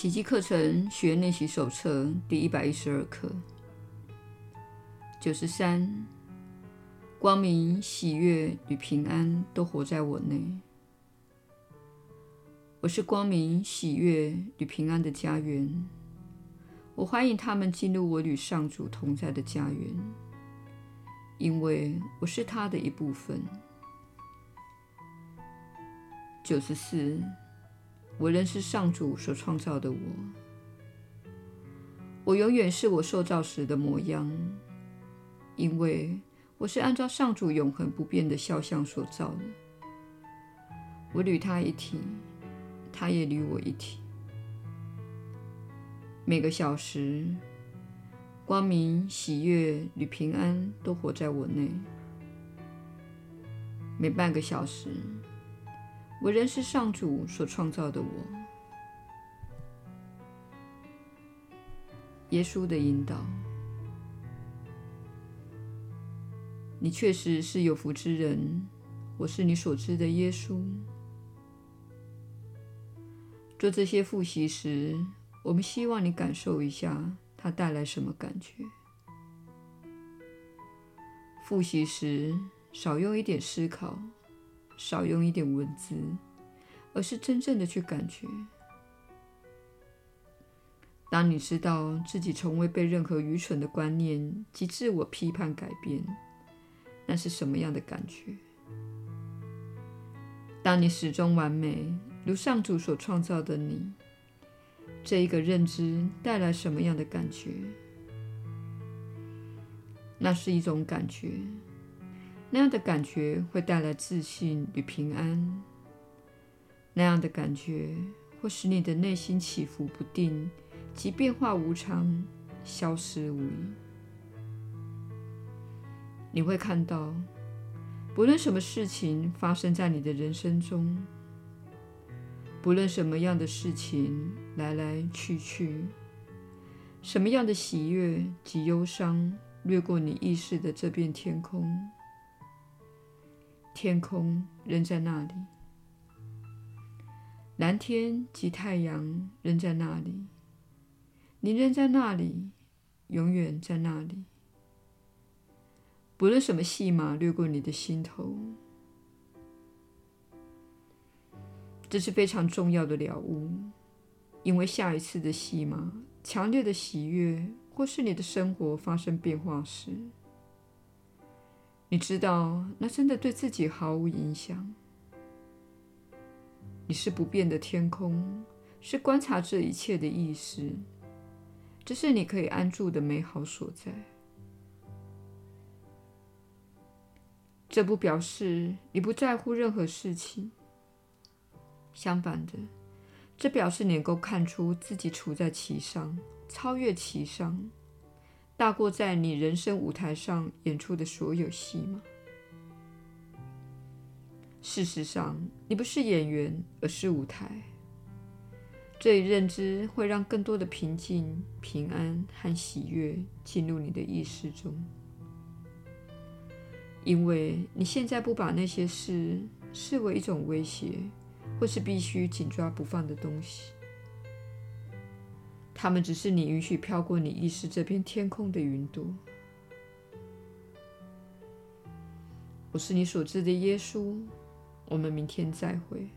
奇蹟課程學員練習手冊第一百一十二課。九十三，光明、喜悅與平安都活在我內。我是光明、喜悅與平安的家園。我歡迎他們進入我與上主同在的家園，因為我是他的一部分。九十四。我仍是上主所創造的我，我永遠是我受造時的模樣，因為我是按照上主永恆不變的肖像所造的。我與他一體，他也與我一體。每個小時，光明、喜悅與平安都活在我內。每半個小時。我仍是上主所創造的我，耶穌的引導。你確實是有福之人，我是你所知的耶穌。做這些復習時，我們希望你感受一下它帶來什麼感覺。復習時少用一點思考。少用一點文字，而是真正的去感覺。當你知道自己從未被任何愚蠢的觀念及自我批判改變，那是什麼樣的感覺？當你始終完美，如上主所創造的你，這一個認知帶來什麼樣的感覺？那是一種感覺。那樣的感覺會帶來自信與平安。那樣的感覺會使你的內心起伏不定，即變化無常，消失無影。你會看到，不論什麼事情發生在你的人生中，不論什麼樣的事情來來去去，什麼樣的喜悅及憂傷掠過你意識的這片天空，天空仍在那裡，藍天及太陽仍在那裡，你仍在那裡，永遠在那裡。不論什麼戲碼掠過你的心頭，這是非常重要的了悟，因為下一次的戲碼，強烈的喜悅或是你的生活發生變化時。你知道，那真的對自己毫無影響。你是不變的天空，是觀察這一切的意識，這是你可以安住的美好所在。這不表示你不在乎任何事情，相反的，這表示你能夠看出自己處在其上，超越其上。大過在你人生舞台上演出的所有戲嗎？事實上，你不是演員，而是舞台。這一認知會讓更多的平靜、平安和喜悅進入你的意識中，因為你現在不把那些事視為一種威脅，或是必須緊抓不放的東西。他們只是你允許飄過你意識這片天空的雲朵。我是你所知的耶穌，我們明天再會。